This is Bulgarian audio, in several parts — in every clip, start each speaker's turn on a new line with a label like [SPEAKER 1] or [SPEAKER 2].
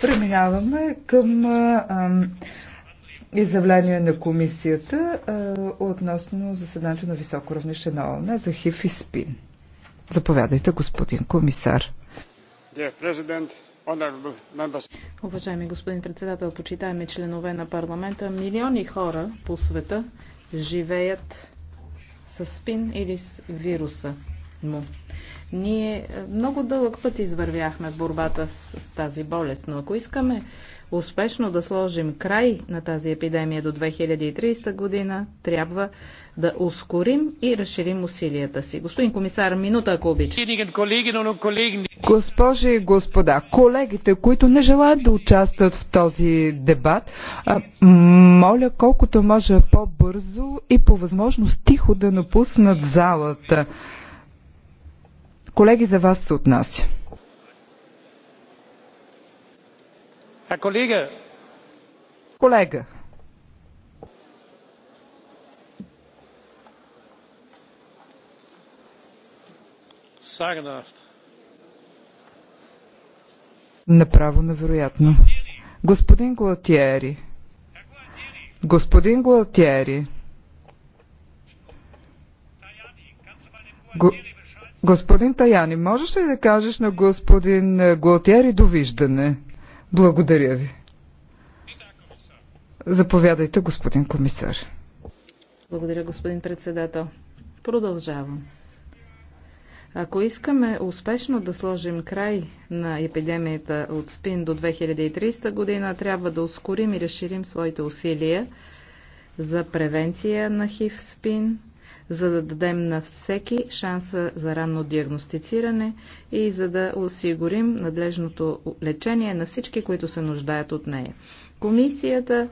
[SPEAKER 1] Преминаваме към изявление на комисията относно заседанието на високо равнище на ООН за ХИВ и СПИН. Заповядайте, господин комисар.
[SPEAKER 2] Уважаеми господин председател, почитаеми членове на парламента, милиони хора по света живеят с СПИН или с вируса му. Ние е, много дълъг път извървяхме борбата с, с тази болест, но ако искаме успешно да сложим край на тази епидемия до 2030 година, трябва да ускорим и разширим усилията си. Господин комисар, минута, ако обича.
[SPEAKER 1] Госпожи и господа, колегите, които не желаят да участват в този дебат, моля колкото може по-бързо и по възможност тихо да напуснат залата. Колеги, за вас се отнася. Е, колега. Колега.
[SPEAKER 3] Sagenhaft.
[SPEAKER 1] Направо невероятно. Господин Гуатиери. Господин Гуатиери. Го... Господин Таяни, можеш ли да кажеш на господин е, Гуалтиери довиждане? Благодаря ви. Заповядайте, господин комисар.
[SPEAKER 2] Благодаря, господин председател. Продължавам. Ако искаме успешно да сложим край на епидемията от СПИН до 2300 година, трябва да ускорим и разширим своите усилия за превенция на ХИВ-СПИН, за да дадем на всеки шанса за ранно диагностициране и за да осигурим надлежното лечение на всички, които се нуждаят от нея. Комисията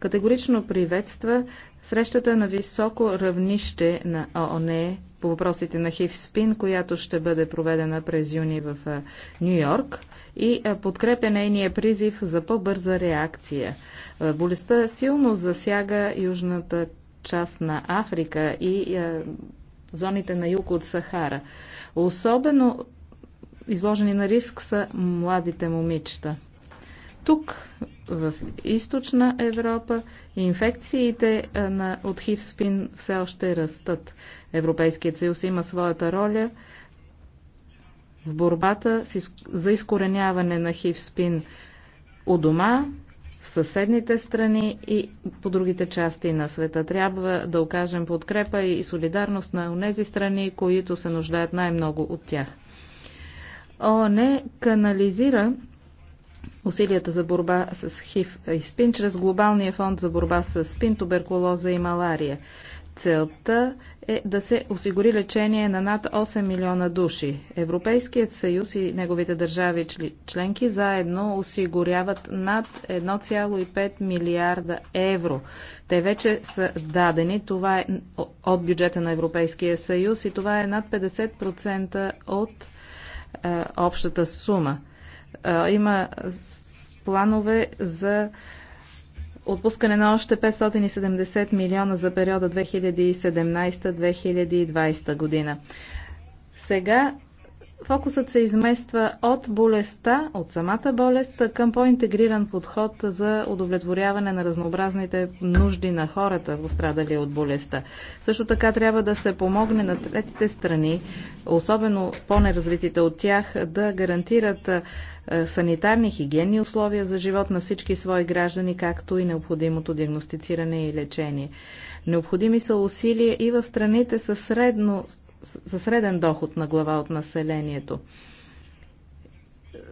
[SPEAKER 2] категорично приветства срещата на високо равнище на ООН по въпросите на ХИВ-СПИН, която ще бъде проведена през юни в Нью Йорк и подкрепя нейния призив за по-бърза реакция. Болестта силно засяга Южната част на Африка и е, зоните на юг от Сахара. Особено изложени на риск са младите момичета. Тук, в източна Европа, инфекциите е, на, от хивспин все още растат. Европейският съюз има своята роля в борбата за изкореняване на хивспин у дома в съседните страни и по другите части на света. Трябва да окажем подкрепа и солидарност на тези страни, които се нуждаят най-много от тях. ООН канализира усилията за борба с ХИВ и СПИН чрез Глобалния фонд за борба с СПИН, туберкулоза и малария. Целта е да се осигури лечение на над 8 милиона души. Европейският съюз и неговите държави членки заедно осигуряват над 1,5 милиарда евро. Те вече са дадени. Това е от бюджета на Европейския съюз и това е над 50% от а, е, общата сума. А, е, има планове за а, отпускане на още 570 милиона за периода 2017-2020 година. Сега Фокусът се измества от болестта, от самата болест, към по-интегриран подход за удовлетворяване на разнообразните нужди на хората, пострадали от болестта. Също така трябва да се помогне на третите страни, особено по-неразвитите от тях, да гарантират санитарни, хигиенни условия за живот на всички свои граждани, както и необходимото диагностициране и лечение. Необходими са усилия и в страните със средно за среден доход на глава от населението.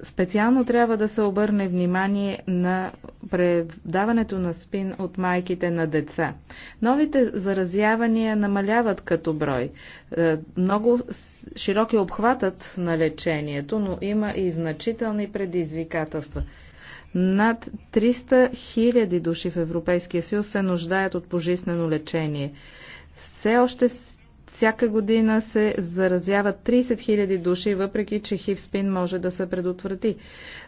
[SPEAKER 2] Специално трябва да се обърне внимание на предаването на спин от майките на деца. Новите заразявания намаляват като брой. Е, много широк е обхватът на лечението, но има и значителни предизвикателства. Над 300 000 души в Европейския съюз се нуждаят от пожизнено лечение. Все още всяка година се заразяват 30 000 души, въпреки че хивспин може да се предотврати.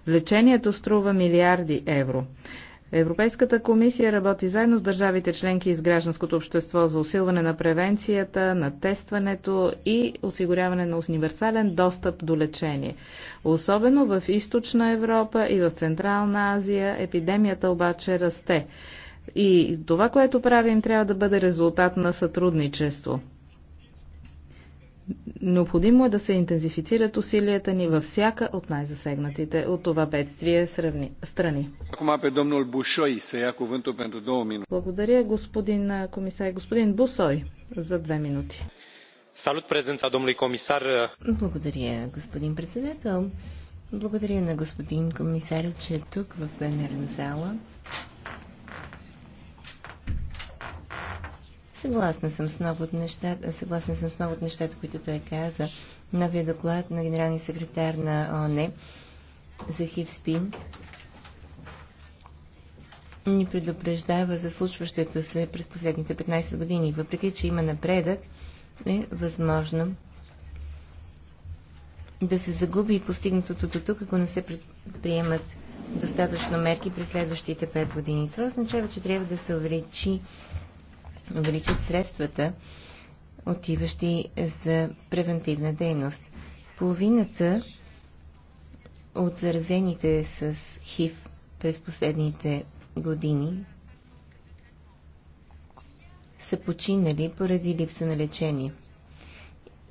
[SPEAKER 2] Лечението струва милиарди евро. Европейската комисия работи заедно с държавите членки и с гражданското общество за усилване на превенцията, на тестването и осигуряване на универсален достъп до лечение. Особено в Източна Европа и в Централна Азия епидемията обаче расте. И това, което правим, трябва да бъде резултат на сътрудничество. Необходимо е да се интензифицират усилията ни във всяка от най-засегнатите от това бедствие страни. Благодаря, господин комисар. Господин Бусой, за две минути.
[SPEAKER 1] Салют презенца, домнului комисар.
[SPEAKER 3] Благодаря, господин председател. Благодаря на господин комисар, че е тук в пленарна зала. Съгласна съм с много от нещата, съгласна съм с много от нещата, които той каза. Новия доклад на генералния секретар на ОНЕ за ХИВ-СПИН ни предупреждава за случващото се през последните 15 години. Въпреки, че има напредък, е възможно да се загуби и постигнатото до тук, ако не се предприемат достатъчно мерки през следващите 5 години. Това означава, че трябва да се увеличи увеличат средствата, отиващи за превентивна дейност. Половината от заразените с ХИВ през последните години са починали поради липса на лечение.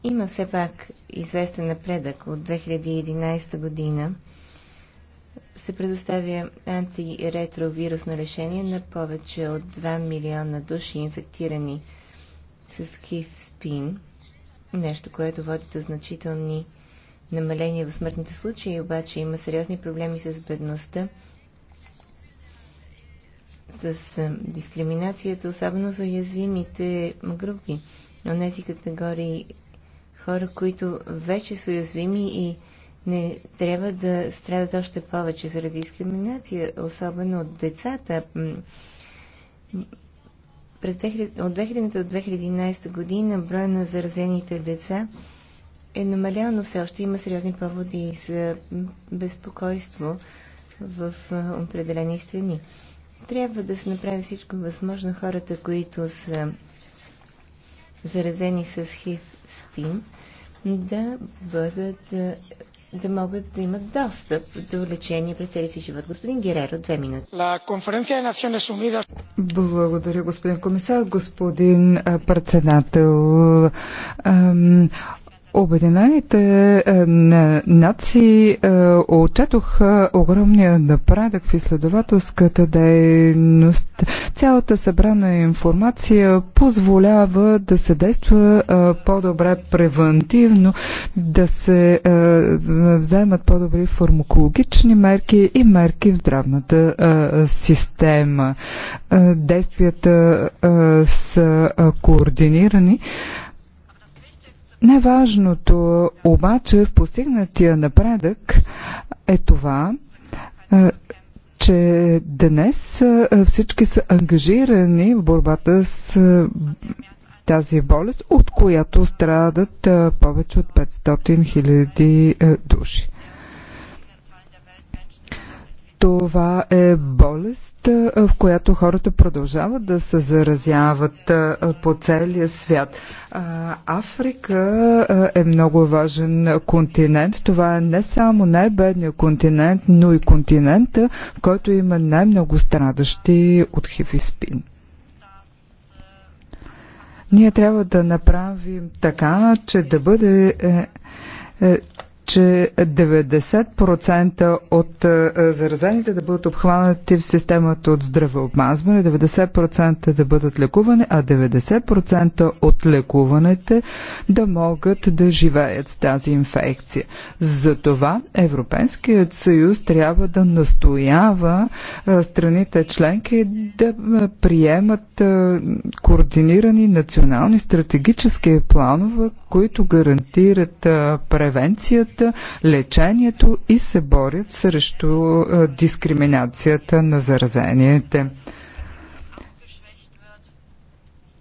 [SPEAKER 3] Има все пак известен напредък от 2011 година се предоставя антиретровирусно решение на повече от 2 милиона души инфектирани с хив спин, нещо, което води до значителни намаления в смъртните случаи, обаче има сериозни проблеми с бедността, с дискриминацията, особено за уязвимите групи, тези категории хора, които вече са уязвими и не трябва да страдат още повече заради дискриминация, особено от децата. През 2000, от 2000 до 2011 година броя на заразените деца е намалял, но все още има сериозни поводи за безпокойство в определени страни. Трябва да се направи всичко възможно хората, които са заразени с хив спин, да бъдат да могат да имат достъп до лечение през целия си живот. Господин Гереро, две минути.
[SPEAKER 1] Благодаря, господин комисар, господин председател. Обединените е, нации е, отчетоха огромния напредък в изследователската дейност. Цялата събрана информация позволява да се действа е, по-добре превентивно, да се вземат по-добри фармакологични мерки и мерки в здравната система. Действията са координирани. Най-важното обаче в постигнатия напредък е това, че днес всички са ангажирани в борбата с тази болест, от която страдат повече от 500 000 души. Това е болест, в която хората продължават да се заразяват по целия свят. Африка е много важен континент. Това е не само най-бедният континент, но и континента, в който има най-много страдащи от хив и спин. Ние трябва да направим така, че да бъде е, е, че 90% от е, заразените да бъдат обхванати в системата от здравеопазване, 90% да бъдат лекувани, а 90% от лекуваните да могат да живеят с тази инфекция. Затова Европейският съюз трябва да настоява е, страните членки да е, приемат координирани национални стратегически планове, които гарантират превенцията защита, лечението и се борят срещу дискриминацията на заразените.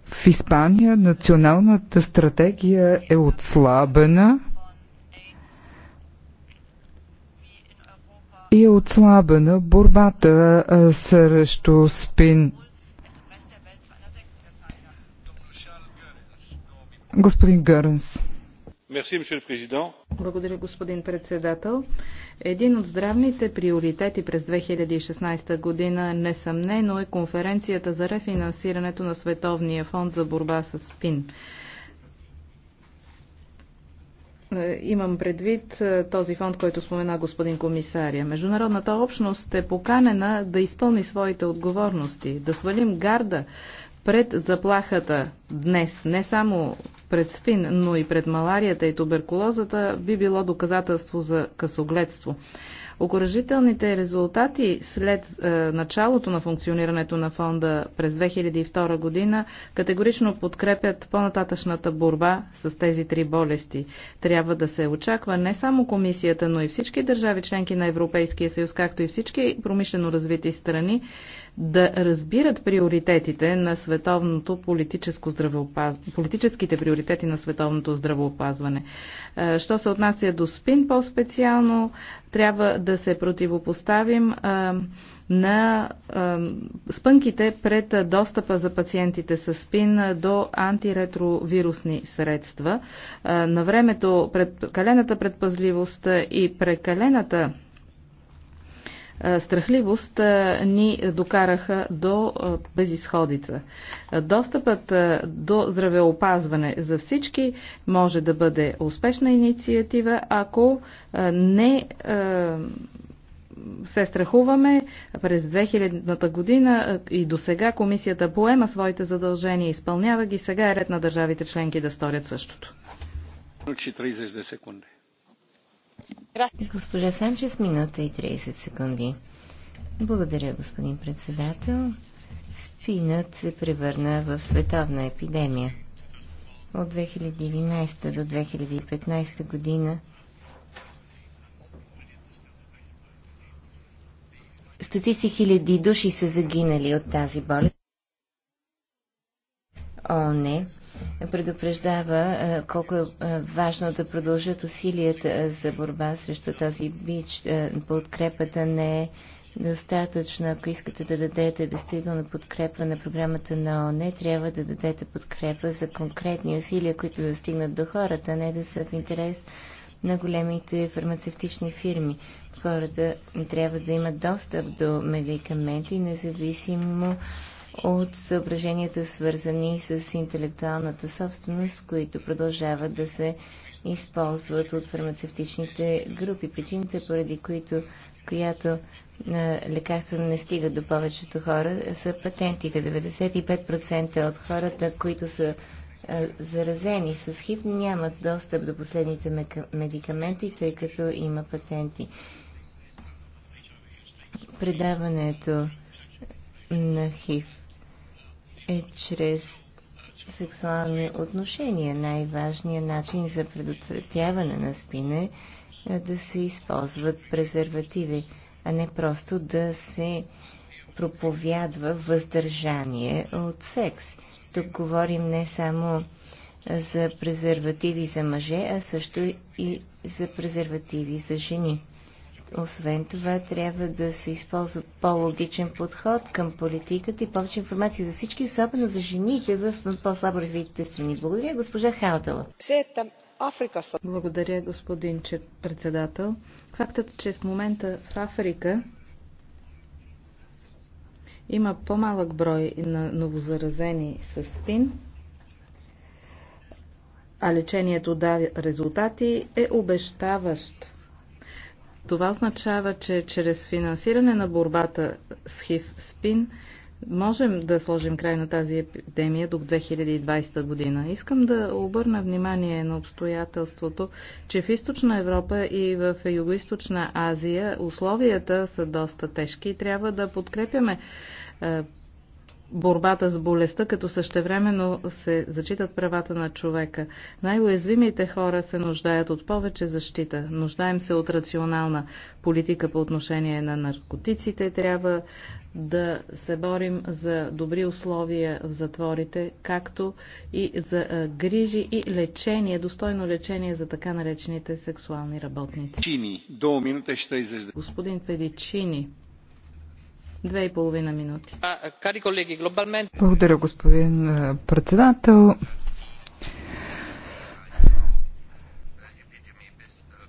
[SPEAKER 1] В Испания националната стратегия е отслабена и е отслабена борбата срещу спин. Господин Гърнс.
[SPEAKER 2] Благодаря, господин председател. Един от здравните приоритети през 2016 година несъмнено е конференцията за рефинансирането на Световния фонд за борба с СПИН. Е, имам предвид е, този фонд, който спомена господин комисария. Международната общност е поканена да изпълни своите отговорности, да свалим гарда пред заплахата днес, не само пред спин, но и пред маларията и туберкулозата би било доказателство за късогледство. Окоръжителните резултати след е, началото на функционирането на фонда през 2002 година категорично подкрепят по-нататъчната борба с тези три болести. Трябва да се очаква не само комисията, но и всички държави членки на Европейския съюз, както и всички промишлено развити страни да разбират приоритетите на световното политическо здравеопазване, политическите приоритети на световното здравеопазване. Е, що се отнася до СПИН по-специално, трябва да се противопоставим е, на е, спънките пред достъпа за пациентите с СПИН до антиретровирусни средства. На времето прекалената предпазливост и прекалената е, страхливост е, ни докараха до е, безисходица. Достъпът до здравеопазване за всички може да бъде успешна инициатива, ако не се страхуваме. През 2000-та година и до сега комисията поема своите задължения, изпълнява ги. Сега е ред на държавите членки да сторят същото.
[SPEAKER 3] 30 секунди.
[SPEAKER 2] Госпожа Санчес, минута и 30 секунди.
[SPEAKER 3] Благодаря, господин председател. Спинът се превърна в световна епидемия. От 2011 до 2015 година стотици хиляди души са загинали от тази болест. О, не предупреждава е, колко е, е важно да продължат усилията е, за борба срещу този бич. Подкрепата не е достатъчно. Ако искате да дадете действително подкрепа на програмата на ОНЕ, трябва да дадете подкрепа за конкретни усилия, които да стигнат до хората, не да са в интерес на големите фармацевтични фирми. Хората трябва да имат достъп до медикаменти, независимо от съображенията, свързани с интелектуалната собственост, които продължават да се използват от фармацевтичните групи. Причините, поради които, която лекарства не стигат до повечето хора, са патентите. 95% от хората, които са заразени с хив, нямат достъп до последните медикаменти, тъй като има патенти. Предаването на хив е чрез сексуални отношения. Най-важният начин за предотвратяване на спина е да се използват презервативи, а не просто да се проповядва въздържание от секс. Тук говорим не само за презервативи за мъже, а също и за презервативи за жени. Освен това, трябва да се използва по-логичен подход към политиката и повече информация за всички, особено за жените в
[SPEAKER 2] по-слабо развитите страни. Благодаря, госпожа Хаутела. Благодаря, господин председател. Фактът, че с момента в Африка има по-малък брой на новозаразени с спин, а лечението дава резултати, е обещаващ това означава, че чрез финансиране на борбата с ХИВ-СПИН можем да сложим край на тази епидемия до 2020 година. Искам да обърна внимание на обстоятелството, че в Източна Европа и в Юго-Източна Азия условията са доста тежки и трябва да подкрепяме е, борбата с болестта, като същевременно се зачитат правата на човека. Най-уязвимите хора се нуждаят от повече защита. Нуждаем се от рационална политика по отношение на наркотиците. Трябва да се борим за добри условия в затворите, както и за грижи и лечение, достойно лечение за така наречените сексуални работници.
[SPEAKER 1] Чини,
[SPEAKER 3] до минута ще изрежда.
[SPEAKER 2] Господин Педичини, Две и половина минути.
[SPEAKER 1] Благодаря, господин председател.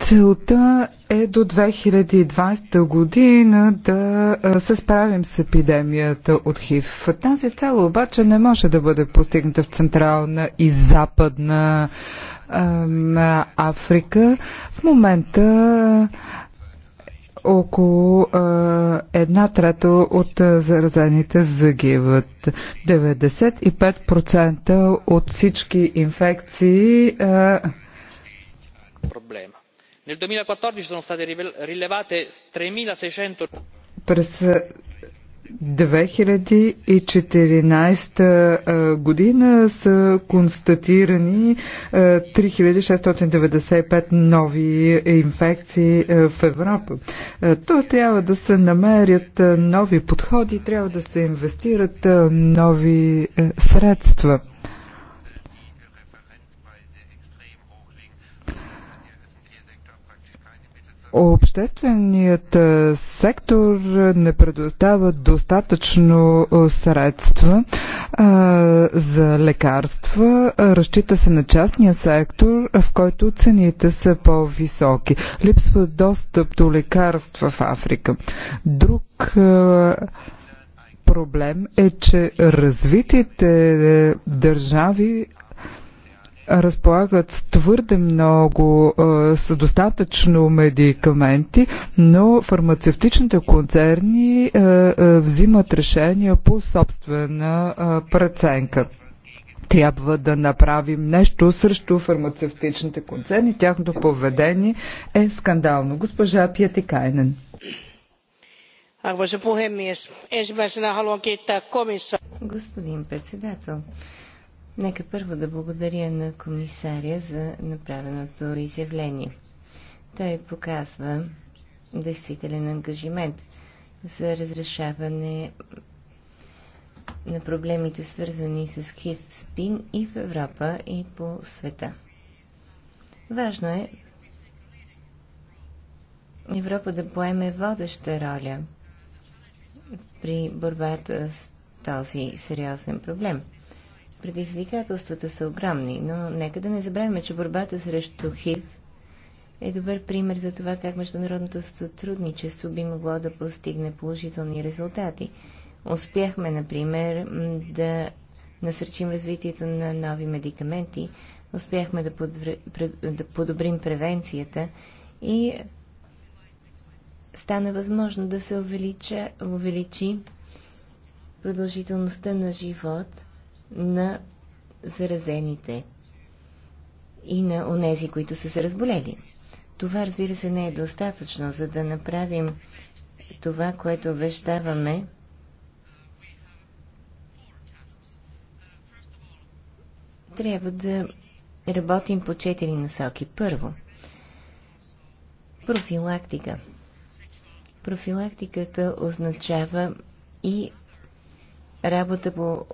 [SPEAKER 1] Целта е до 2020 година да се справим с епидемията от ХИВ. Тази цел обаче не може да бъде постигната в Централна и Западна Африка. В момента около а, една трета от заразените загиват. 95% от всички инфекции. А...
[SPEAKER 2] Проблема. Nel 2014 sono state rilevate 3600
[SPEAKER 1] през 2014 година са констатирани 3695 нови инфекции в Европа. Тоест трябва да се намерят нови подходи, трябва да се инвестират нови средства. Общественият е, сектор не предоставя достатъчно е, средства а, е, за лекарства. Разчита се на частния сектор, в който цените са по-високи. Липсва достъп до лекарства в Африка. Друг а, проблем е, че развитите държави разполагат с твърде много, с достатъчно медикаменти, но фармацевтичните концерни взимат решения по собствена преценка трябва да направим нещо срещу фармацевтичните концерни. Тяхното поведение е скандално. Госпожа Пиятикайнен.
[SPEAKER 3] Господин председател, Нека първо да благодаря на комисаря за направеното изявление. Той показва действителен ангажимент за разрешаване на проблемите, свързани с хив спин и в Европа, и по света. Важно е Европа да поеме водеща роля при борбата с този сериозен проблем – Предизвикателствата са огромни, но нека да не забравяме, че борбата срещу ХИВ е добър пример за това как международното сътрудничество би могло да постигне положителни резултати. Успяхме, например, да насърчим развитието на нови медикаменти, успяхме да, подвр... да подобрим превенцията и стана възможно да се увелича, увеличи продължителността на живот на заразените и на онези, които са се разболели. Това, разбира се, не е достатъчно, за да направим това, което обещаваме. Трябва да работим по четири насоки. Първо, профилактика. Профилактиката означава и работа по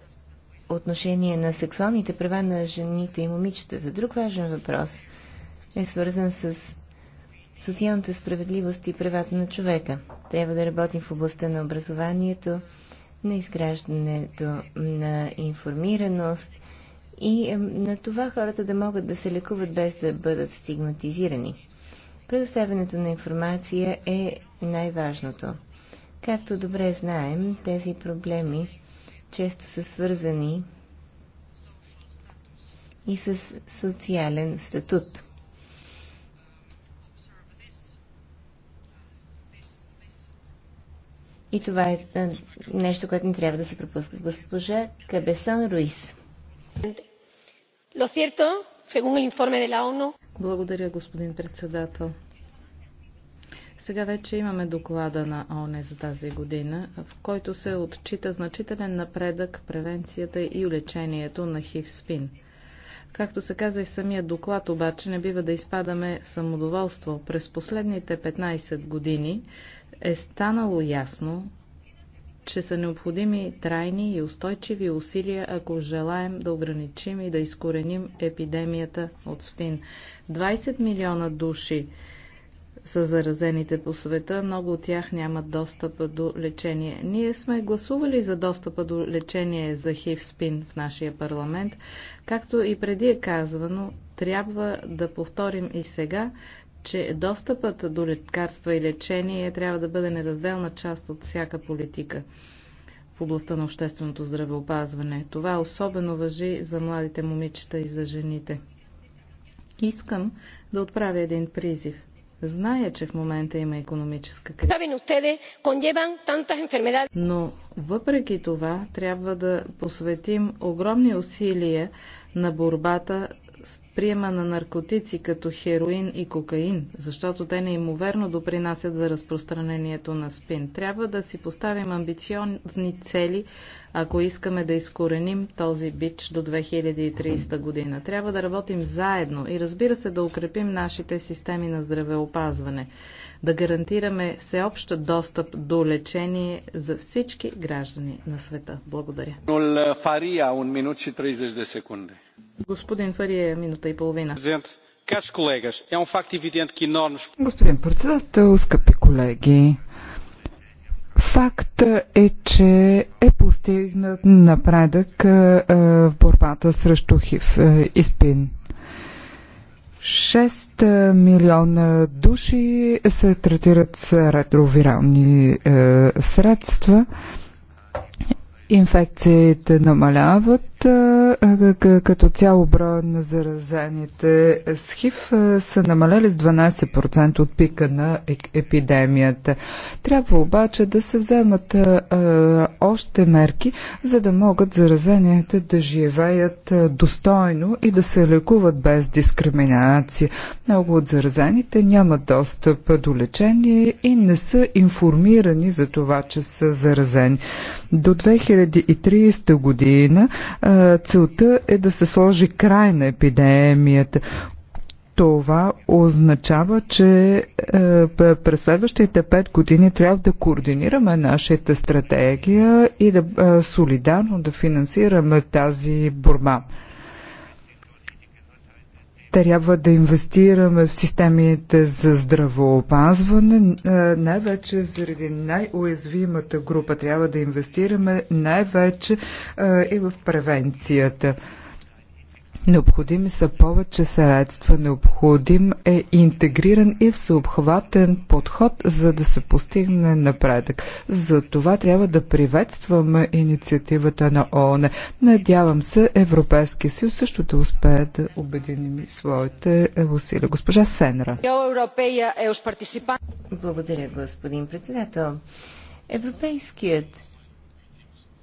[SPEAKER 3] отношение на сексуалните права на жените и момичетата. Друг важен въпрос е свързан с социалната справедливост и правата на човека. Трябва да работим в областта на образованието, на изграждането на информираност и е, на това хората да могат да се лекуват без да бъдат стигматизирани. Предоставянето на информация е най-важното. Както добре знаем, тези проблеми често са свързани и с социален статут. И това е, е нещо, което не трябва да се пропуска. Госпожа Кабесон Руис.
[SPEAKER 2] Благодаря, господин председател. Сега вече имаме доклада на ОНЕ за тази година, в който се отчита значителен напредък превенцията и лечението на хив-спин. Както се каза и в самия доклад, обаче не бива да изпадаме в самодоволство. През последните 15 години е станало ясно, че са необходими трайни и устойчиви усилия, ако желаем да ограничим и да изкореним епидемията от спин. 20 милиона души са заразените по света. Много от тях нямат достъпа до лечение. Ние сме гласували за достъпа до лечение за хив спин в нашия парламент. Както и преди е казвано, трябва да повторим и сега, че достъпът до лекарства и лечение трябва да бъде неразделна част от всяка политика в областта на общественото здравеопазване. Това особено въжи за младите момичета и за жените. Искам да отправя един призив. Зная, че в момента има економическа криза. Но въпреки това трябва да посветим огромни усилия на борбата с приема на наркотици като хероин и кокаин, защото те неимоверно допринасят за разпространението на спин. Трябва да си поставим амбициозни цели, ако искаме да изкореним този бич до 2030 година. Трябва да работим заедно и разбира се да укрепим нашите системи на здравеопазване, да гарантираме всеобщ достъп до лечение за всички граждани на света. Благодаря. Господин Фария, минута минута и половина.
[SPEAKER 1] Um Господин председател, скъпи колеги, Факт е, че е постигнат напредък е, е, в борбата срещу ХИВ е, и СПИН. 6 милиона души се третират с ретровирални средства. Инфекциите намаляват като цяло броя на заразените с ХИВ са намалели с 12% от пика на е, епидемията. Трябва обаче да се вземат още мерки, за да могат заразените да живеят достойно и да се лекуват без дискриминация. Много от заразените нямат достъп до лечение и не са информирани за това, че са заразени. До 2030 година е, целта е да се сложи край на епидемията. Това означава, че е, през следващите пет години трябва да координираме нашата стратегия и да е, солидарно да финансираме тази борба. Трябва да инвестираме в системите за здравоопазване, най-вече заради най-уязвимата група. Трябва да инвестираме най-вече и в превенцията. Необходими са повече средства, необходим е интегриран и всеобхватен подход, за да се постигне напредък. За това трябва да приветстваме инициативата на ООН. Надявам се Европейския съюз също да успее да обединим своите е, усилия. Госпожа Сенра.
[SPEAKER 3] Благодаря, господин председател. Европейският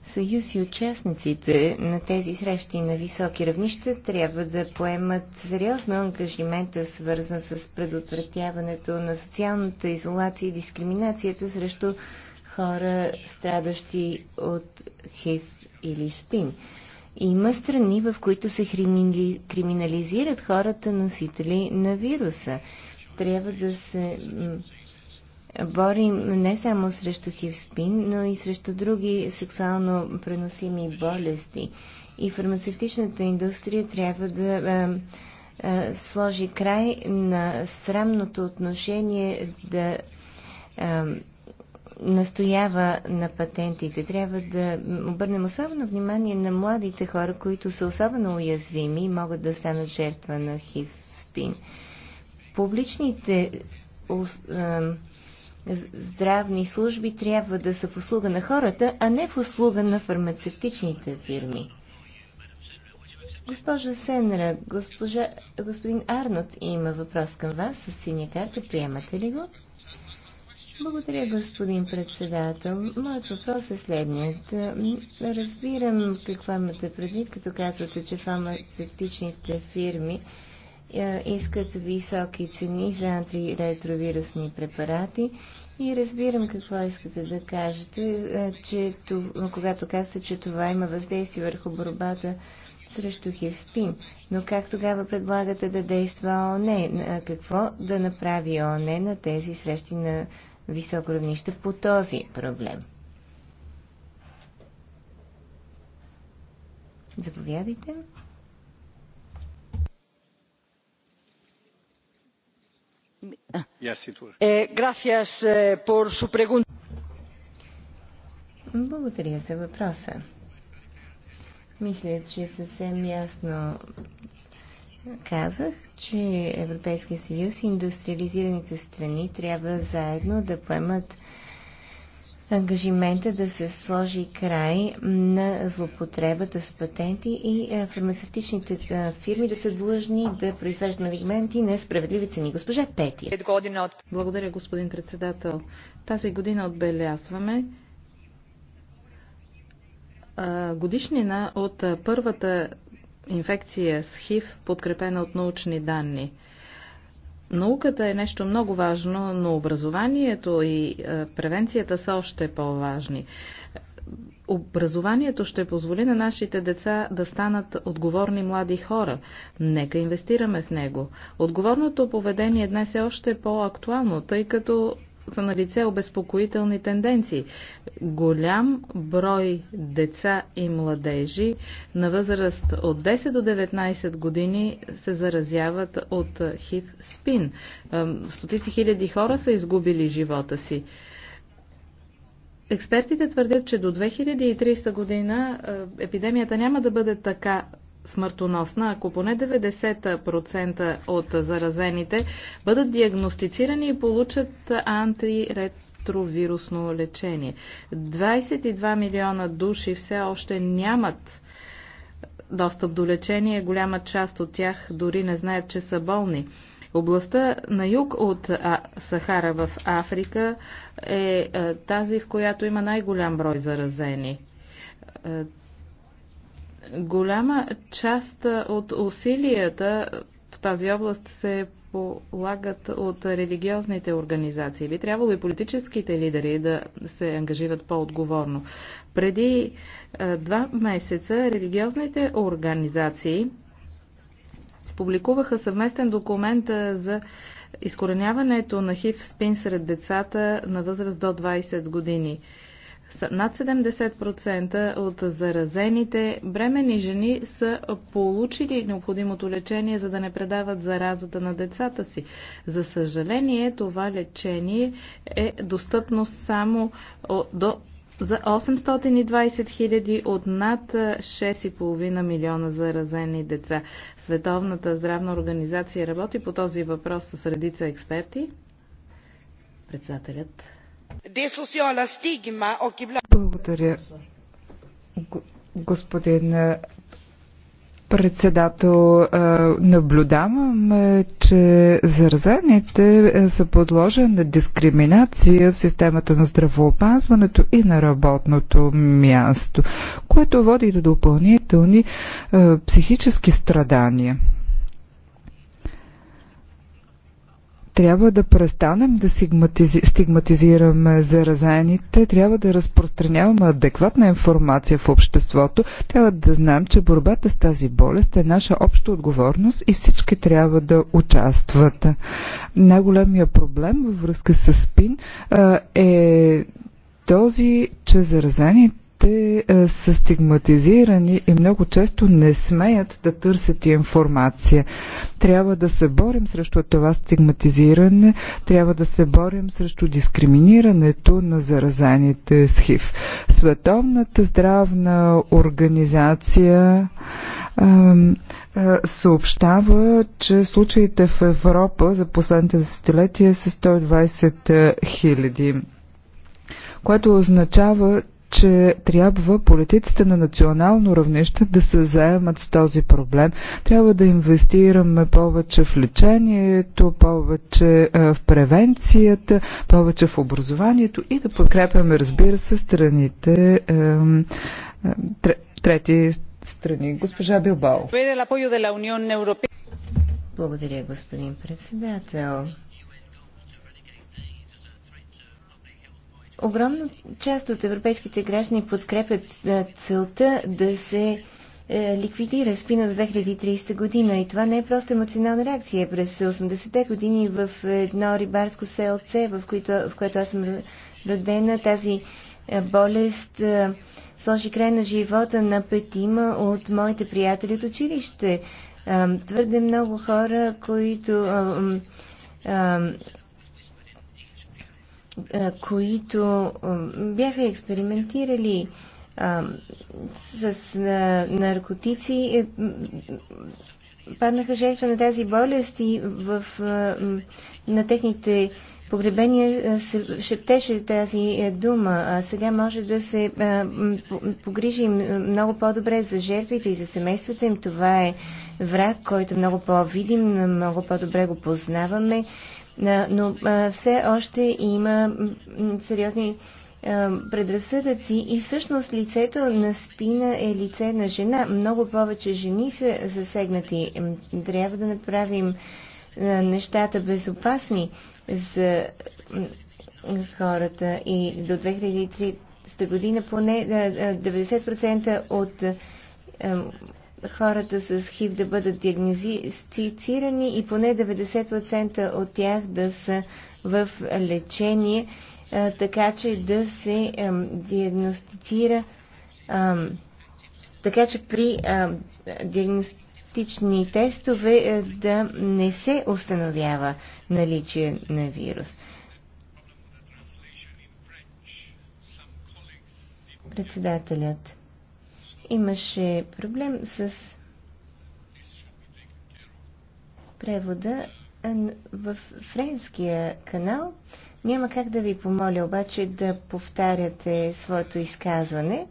[SPEAKER 3] съюз и участниците на тези срещи на високи равнища трябва да поемат сериозно ангажимента, свързан с предотвратяването на социалната изолация и дискриминацията срещу хора, страдащи от ХИВ или СПИН. Има страни, в които се криминализират хората носители на вируса. Трябва да се борим не само срещу хивспин, но и срещу други сексуално преносими болести. И фармацевтичната индустрия трябва да а, е, а, е, сложи край на срамното отношение да а, е, настоява на патентите. Трябва да обърнем особено внимание на младите хора, които са особено уязвими и могат да станат жертва на хив спин. Публичните здравни служби трябва да са в услуга на хората, а не в услуга на фармацевтичните фирми. Госпожо Сенра, госпожа, господин Арнот има въпрос към вас с синя карта. Приемате ли го? Благодаря, господин председател. Моят въпрос е следният. Разбирам какво имате предвид, като казвате, че фармацевтичните фирми е, искат високи цени за антиретровирусни препарати. И разбирам какво искате да кажете, е, че, когато казвате, че това има въздействие върху борбата срещу хивспин. Но как тогава предлагате да действа ООН? Е, какво да направи ООН на тези срещи на високо равнище по този проблем? Заповядайте.
[SPEAKER 1] Е, е,
[SPEAKER 3] Благодаря за въпроса. Мисля, че съвсем ясно казах, че Европейския съюз и индустриализираните страни трябва заедно да поемат ангажимента да се сложи край на злопотребата с патенти и е, фармацевтичните е, фирми да са длъжни да произвеждат медикаменти на справедливи цени. Госпожа Пети.
[SPEAKER 2] Благодаря, господин председател. Тази година отбелязваме е, годишнина от първата инфекция с ХИВ, подкрепена от научни данни – Науката е нещо много важно, но образованието и е, превенцията са още по-важни. Образованието ще позволи на нашите деца да станат отговорни млади хора. Нека инвестираме в него. Отговорното поведение днес е още по-актуално, тъй като са на лице обезпокоителни тенденции. Голям брой деца и младежи на възраст от 10 до 19 години се заразяват от хив спин. Стотици хиляди хора са изгубили живота си. Експертите твърдят, че до 2300 година епидемията няма да бъде така смъртоносна, ако поне 90% от заразените бъдат диагностицирани и получат антиретровирусно лечение. 22 милиона души все още нямат достъп до лечение, голяма част от тях дори не знаят, че са болни. Областта на юг от Сахара в Африка е тази, в която има най-голям брой заразени Голяма част от усилията в тази област се полагат от религиозните организации. Би трябвало и политическите лидери да се ангажират по-отговорно. Преди два месеца религиозните организации публикуваха съвместен документ за изкореняването на хив спин сред децата на възраст до 20 години. Над 70% от заразените бремени жени са получили необходимото лечение, за да не предават заразата на децата си. За съжаление, това лечение е достъпно само до за 820 хиляди от над 6,5 милиона заразени деца. Световната здравна организация работи по този въпрос с редица експерти.
[SPEAKER 1] Председателят благодаря, господин е, председател, е, наблюдавам, е, че заразените са подложени на дискриминация в системата на здравоопазването и на работното място, което води до допълнителни психически страдания. Трябва да престанем да стигматизираме заразените, трябва да разпространяваме адекватна информация в обществото, трябва да знаем, че борбата с тази болест е наша обща отговорност и всички трябва да участват. Най-големия проблем във връзка с СПИН е този, че заразените те е, са стигматизирани и много често не смеят да търсят информация. Трябва да се борим срещу това стигматизиране, трябва да се борим срещу дискриминирането на заразаните с ХИВ. Световната здравна организация съобщава, че случаите в Европа за последните десетилетия са 120 хиляди, което означава, че трябва политиците на национално равнище да се заемат с този проблем. Трябва да инвестираме повече в лечението, повече е, в превенцията, повече в образованието и да подкрепяме, разбира се, страните, е, е, трети страни. Госпожа Билбао.
[SPEAKER 3] Благодаря, господин председател. Огромна част от европейските граждани подкрепят целта да се е, ликвидира спина до 2030 година. И това не е просто емоционална реакция. През 80-те години в едно рибарско селце, в, които, в което аз съм родена, тази е, болест е, сложи край на живота на петима от моите приятели от училище. Твърде много хора, които които бяха експериментирали с наркотици, е, паднаха жертва на тази болест и в, на техните погребения се шептеше тази дума, а сега може да се погрижим много по-добре за жертвите и за семействата им. Това е враг, който е много по-видим, много по-добре го познаваме но все още има сериозни предразсъдъци и всъщност лицето на спина е лице на жена. Много повече жени са засегнати. Трябва да направим нещата безопасни за хората и до 2030 година поне 90% от хората с хив да бъдат диагностицирани и поне 90% от тях да са в лечение, така че да се диагностицира, така че при диагностични тестове е, да не се установява наличие на вирус. Председателят Имаше проблем с превода в френския канал. Няма как да ви помоля обаче да повтаряте своето изказване.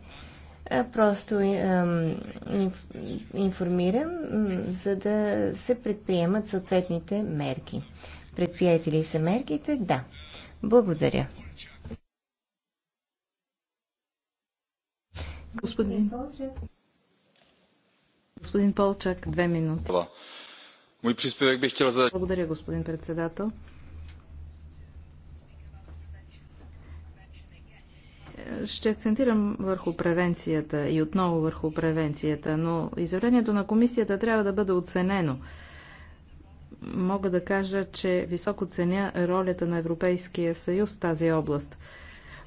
[SPEAKER 3] Просто информирам, за да се предприемат съответните мерки. Предприятели са мерките? Да. Благодаря.
[SPEAKER 2] Господин, Полчак, две минути.
[SPEAKER 1] Мой приспевък бих хотел за...
[SPEAKER 2] Благодаря, господин председател. ще акцентирам върху превенцията и отново върху превенцията, но изявлението на комисията трябва да бъде оценено. Мога да кажа, че високо ценя ролята на Европейския съюз в тази област.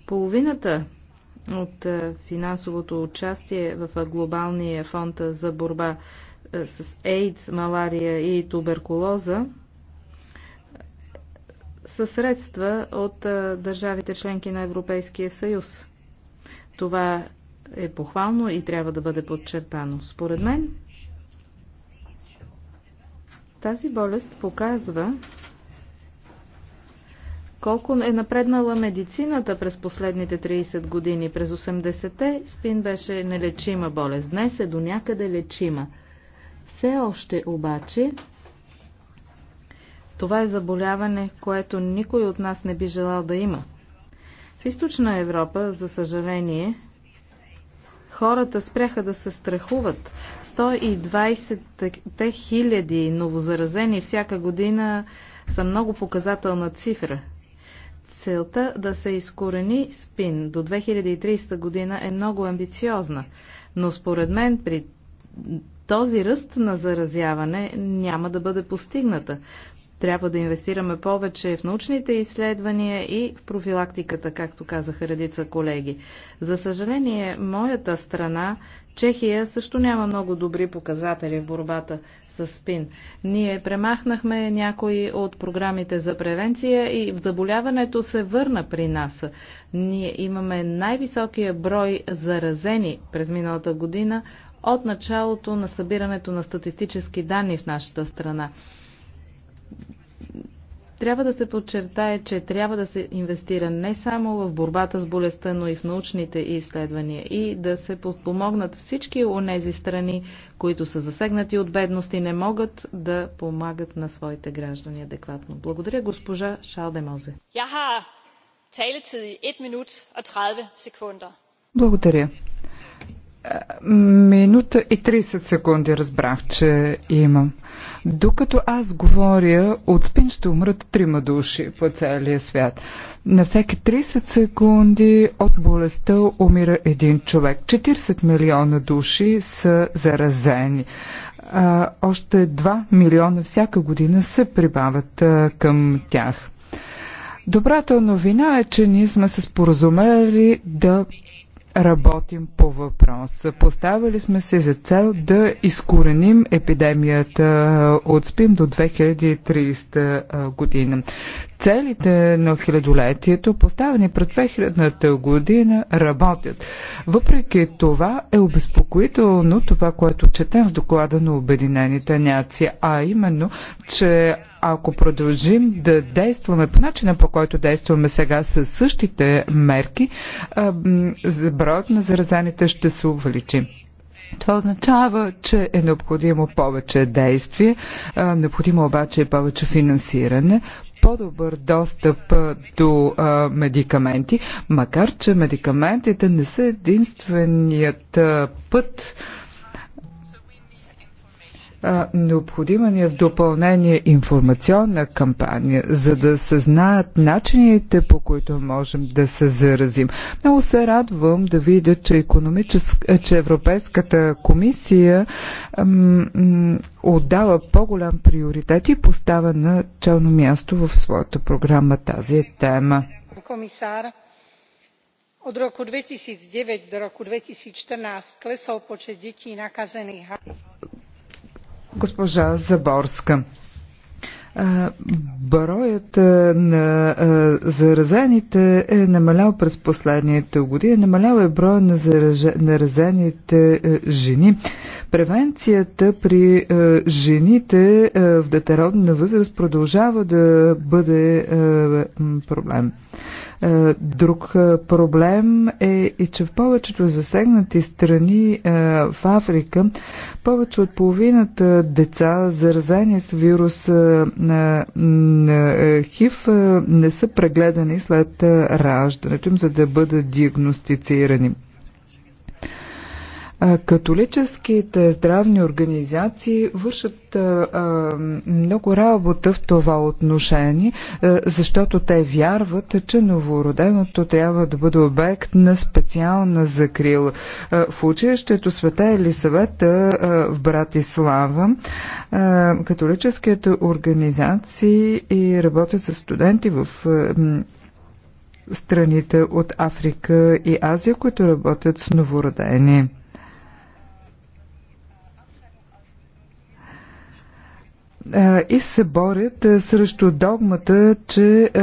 [SPEAKER 2] Половината от е, финансовото участие в е, глобалния фонд е, за борба с AIDS, малария и туберкулоза са средства от държавите членки на Европейския съюз. Това е похвално и трябва да бъде подчертано. Според мен, тази болест показва, колко е напреднала медицината през последните 30 години. През 80-те спин беше нелечима болест. Днес е до някъде лечима. Все още обаче това е заболяване, което никой от нас не би желал да има. В източна Европа, за съжаление, хората спряха да се страхуват. 120 хиляди новозаразени всяка година са много показателна цифра. Целта да се изкорени спин до 2030 година е много амбициозна, но според мен при този ръст на заразяване няма да бъде постигната. Трябва да инвестираме повече в научните изследвания и в профилактиката, както казаха редица колеги. За съжаление, моята страна, Чехия, също няма много добри показатели в борбата с спин. Ние премахнахме някои от програмите за превенция и заболяването се върна при нас. Ние имаме най-високия брой заразени през миналата година от началото на събирането на статистически данни в нашата страна. Трябва да се подчертае, че трябва да се инвестира не само в борбата с болестта, но и в научните изследвания и да се подпомогнат всички онези страни, които са засегнати от бедност и не могат да помагат на своите граждани адекватно. Благодаря госпожа
[SPEAKER 1] Шалдемозе. Благодаря. Е, минута и 30 секунди разбрах, че имам. Докато аз говоря, от спин ще умрат трима души по целия свят. На всеки 30 секунди от болестта умира един човек. 40 милиона души са заразени а, още 2 милиона всяка година се прибавят а, към тях. Добрата новина е, че ние сме се споразумели да работим по въпроса. Поставили сме се за цел да изкореним епидемията от СПИМ до 2030 година. Целите на хилядолетието, поставени през 2000-та година, работят. Въпреки това е обезпокоително това, което четем в доклада на Обединените нации, а именно, че ако продължим да действаме по начина, по който действаме сега с същите мерки, броят на заразаните ще се увеличи. Това означава, че е необходимо повече действие, необходимо обаче и повече финансиране, по-добър достъп до а, медикаменти, макар че медикаментите не са единственият а, път Необходима ни е в допълнение информационна кампания, за да се знаят начините по които можем да се заразим. Много се радвам да видя, че, е, че Европейската комисия отдава по-голям приоритет и поставя на челно място в своята програма тази тема.
[SPEAKER 2] Комисар, от року 2009 до року 2014 клесал почет two thousand
[SPEAKER 1] Госпожа Заборска. Броят на заразените е намалял през последните години. Намалял е броя на заразените е, жени. Превенцията при е, жените е, в детеродна възраст продължава да бъде проблем. Е, друг е, проблем е и че в повечето засегнати страни е, в Африка повече от половината деца, заразени с вирус на, ХИВ, не са прегледани след раждането им, за да бъдат диагностицирани. Католическите здравни организации вършат много работа в това отношение, защото те вярват, че новороденото трябва да бъде обект на специална закрила. В училището Света Елисавета в Братислава католическите организации и работят с студенти в страните от Африка и Азия, които работят с новородени. Е, и се борят е, срещу догмата, че е,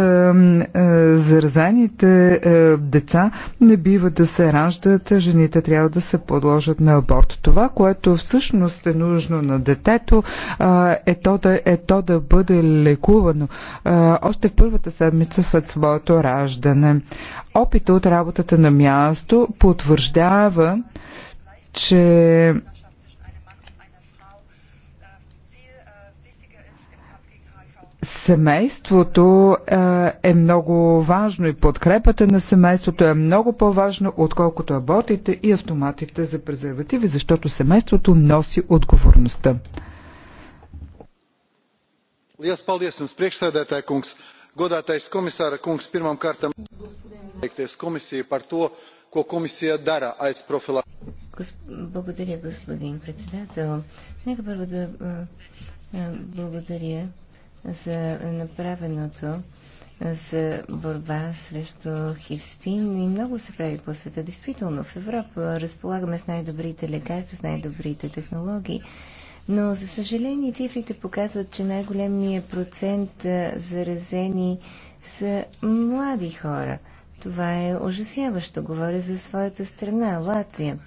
[SPEAKER 1] заразените деца не бива да се раждат, жените трябва да се подложат на аборт. Това, което всъщност е нужно на детето, е то да, е то да бъде лекувано още в първата седмица след своето раждане. Опита от работата на място потвърждава, че Семейството е, е много важно и подкрепата на семейството е много по-важно, отколкото абортите и автоматите за презервативи, защото семейството носи отговорността.
[SPEAKER 3] Благодаря, господин председател. Нека първо да благодаря за направеното за борба срещу хивспин и много се прави по света. Действително, в Европа разполагаме с най-добрите лекарства, с най-добрите технологии, но за съжаление цифрите показват, че най-големият процент заразени са млади хора. Това е ужасяващо. Говоря за своята страна, Латвия.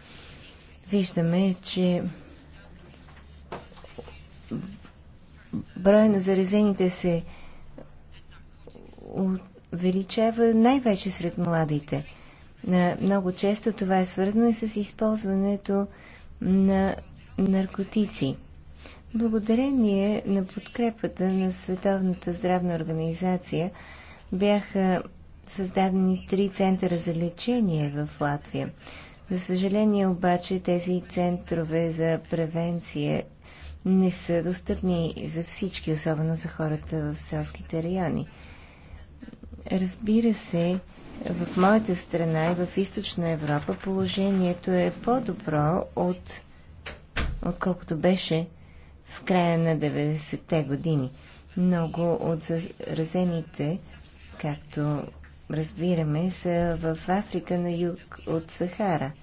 [SPEAKER 3] Виждаме, че броя на заразените се увеличава най-вече сред младите. Много често това е свързано и с използването на наркотици. Благодарение на подкрепата на Световната здравна организация бяха създадени три центъра за лечение в Латвия. За съжаление обаче тези центрове за превенция не са достъпни за всички, особено за хората в селските райони. Разбира се, в моята страна и в източна Европа положението е по-добро от отколкото беше в края на 90-те години. Много от заразените, както разбираме, са в Африка на юг от Сахара –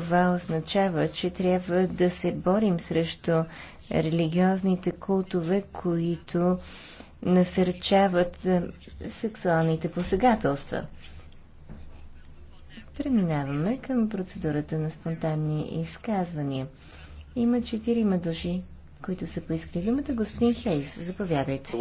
[SPEAKER 3] това означава, че трябва да се борим срещу религиозните култове, които насърчават е, сексуалните посегателства. Преминаваме към процедурата на спонтанни изказвания. Има четирима души,
[SPEAKER 2] които са поискали думата. Господин Хейс, заповядайте.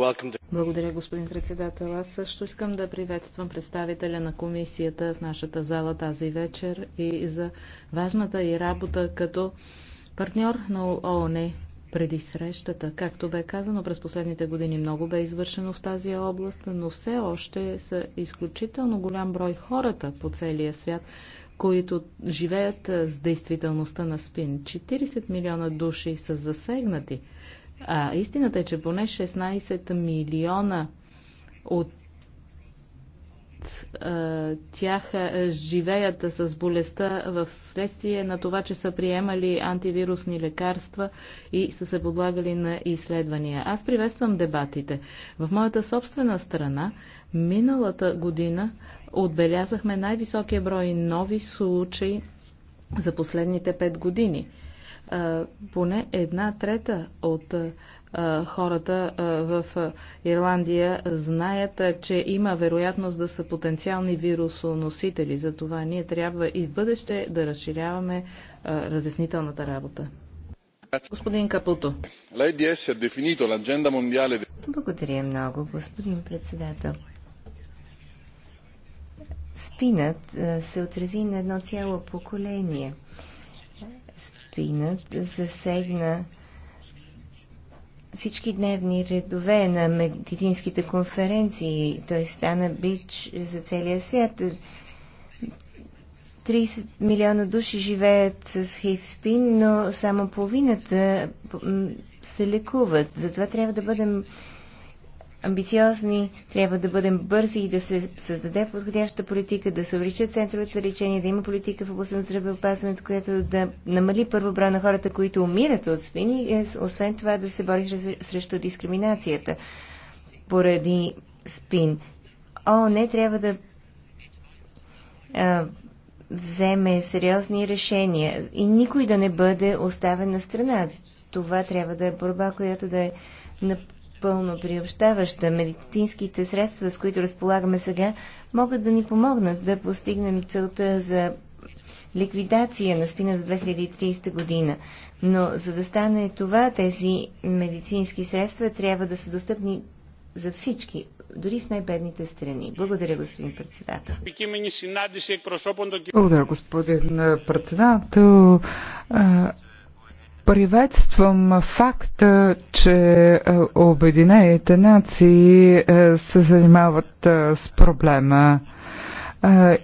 [SPEAKER 2] Благодаря, господин председател. Аз също искам да приветствам представителя на комисията в нашата зала тази вечер и за важната и работа като партньор на ООН преди срещата. Както бе казано, през последните години много бе извършено в тази област, но все още са изключително голям брой хората по целия свят, които живеят с действителността на спин. 40 милиона души са засегнати – а истината е, че поне 16 милиона от тях живеят с болестта в следствие на това, че са приемали антивирусни лекарства и са се подлагали на изследвания. Аз приветствам дебатите. В моята собствена страна миналата година отбелязахме най-високия брой нови случаи за последните пет години поне една трета от хората в Ирландия знаят, че има вероятност да са потенциални вирусоносители. Затова ние трябва и в бъдеще да разширяваме разяснителната работа. Господин
[SPEAKER 3] Капуто. Е
[SPEAKER 2] Благодаря много, господин председател.
[SPEAKER 3] Спинът се отрази на едно цяло поколение – Пинът засегна всички дневни редове на медицинските конференции. Той стана бич за целия свят. 30 милиона души живеят с хивспин, но само половината се лекуват. Затова трябва да бъдем амбициозни, трябва да бъдем бързи и да се създаде подходяща политика, да се увеличат центровете за лечение, да има политика в областта на здравеопазването, която да намали първо броя на хората, които умират от спини, е, освен това да се бори срещу дискриминацията поради спин. О, не трябва да а, вземе сериозни решения и никой да не бъде оставен на страна. Това трябва да е борба, която да е на пълно приобщаваща. Медицинските средства, с които разполагаме сега, могат да ни помогнат да постигнем целта за ликвидация на спина до 2030 година. Но за да стане това, тези медицински средства трябва да са достъпни за всички, дори в най-бедните страни. Благодаря, господин председател.
[SPEAKER 1] Благодаря, господин председател. Приветствам факта, че е, Обединените нации е, се занимават е, с проблема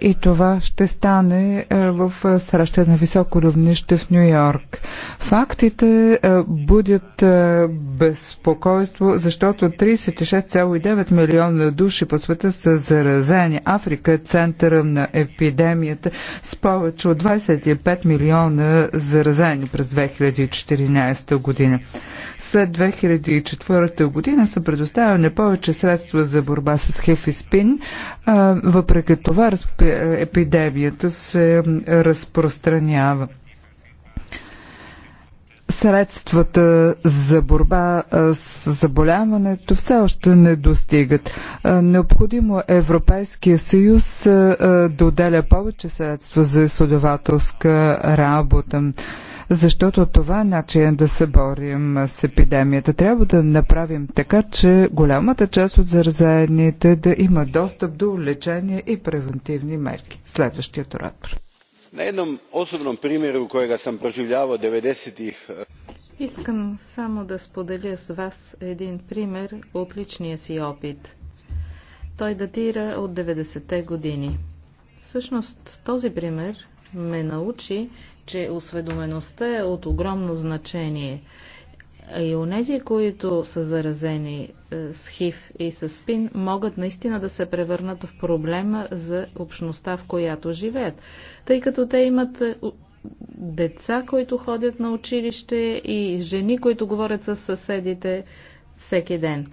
[SPEAKER 1] и това ще стане в среща на високо равнище в Нью Йорк. Фактите будят безпокойство, защото 36,9 милиона души по света са заразени. Африка е центъра на епидемията с повече от 25 милиона заразени през 2014 година. След 2004 година са предоставени повече средства за борба с хефиспин. и спин. Въпреки това епидемията се разпространява средствата за борба с заболяването все още не достигат. Необходимо е Европейския съюз да отделя повече средства за изследователска работа защото това е начин да се борим с епидемията. Трябва да направим така, че голямата част от заразените да има достъп до лечение и превентивни мерки. Следващият оратор.
[SPEAKER 3] На едно особено пример, kojega съм proživljavao 90 ти
[SPEAKER 2] Искам само да споделя с вас един пример от личния си опит. Той датира от 90-те години. Всъщност, този пример ме научи, че осведомеността е от огромно значение. И онези, които са заразени е, с ХИВ и с СПИН, могат наистина да се превърнат в проблема за общността, в която живеят. Тъй като те имат е, деца, които ходят на училище и жени, които говорят с съседите всеки ден.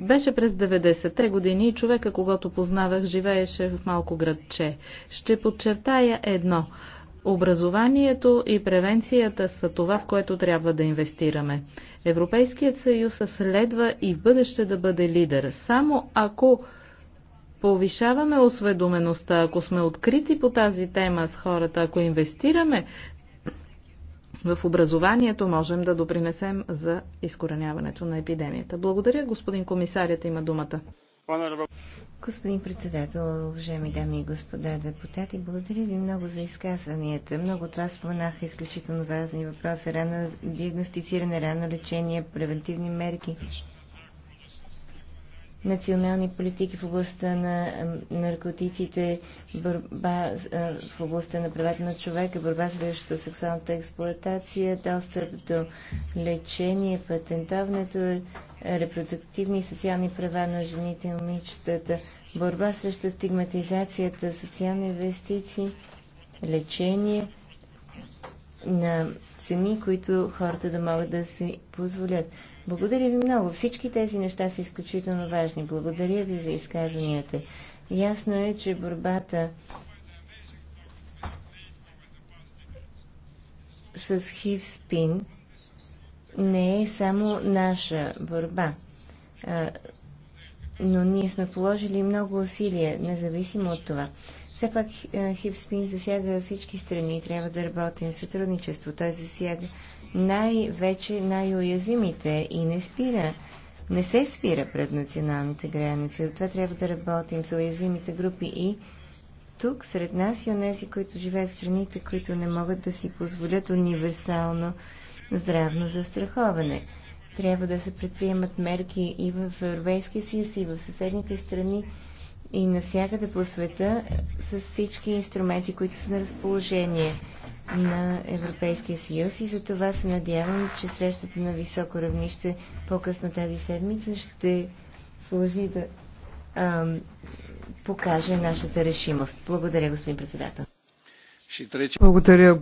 [SPEAKER 2] Беше през 90-те години и човека, когато познавах, живееше в малко градче. Ще подчертая едно. Образованието и превенцията са това, в което трябва да инвестираме. Европейският съюз следва и в бъдеще да бъде лидер. Само ако повишаваме осведомеността, ако сме открити по тази тема с хората, ако инвестираме в образованието можем да допринесем за изкореняването на епидемията. Благодаря. Господин комисарят има думата. Господин председател, уважаеми дами и господа депутати, благодаря ви много за
[SPEAKER 3] изказванията. Много от вас споменаха изключително важни въпроси. Рано диагностициране, рано лечение, превентивни мерки, национални политики в областта на наркотиците, борба е, в областта на правата на човека, борба срещу сексуалната експлоатация, достъп до лечение, патентовнето, репродуктивни и социални права на жените и момичетата, борба срещу стигматизацията, социални инвестиции, лечение на цени, които хората да могат да си позволят. Благодаря ви много. Всички тези неща са изключително важни. Благодаря ви за изказванията. Ясно е, че борбата с хив спин не е само наша борба. Но ние сме положили много усилия, независимо от това. Все пак хив спин засяга всички страни и трябва да работим в сътрудничество. Той засяга най-вече най-уязвимите и не спира, не се спира пред националните граници. Затова трябва да работим с уязвимите групи и тук сред нас и онези, които живеят в страните, които не могат да си позволят универсално здравно застраховане. Трябва да се предприемат мерки и в Европейския съюз, и в съседните страни, и навсякъде по света с всички инструменти, които са на разположение на Европейския съюз и за това се надявам, че срещата на високо равнище по-късно тази седмица ще служи да
[SPEAKER 1] ам, покаже нашата решимост. Благодаря, господин председател. Благодаря, господин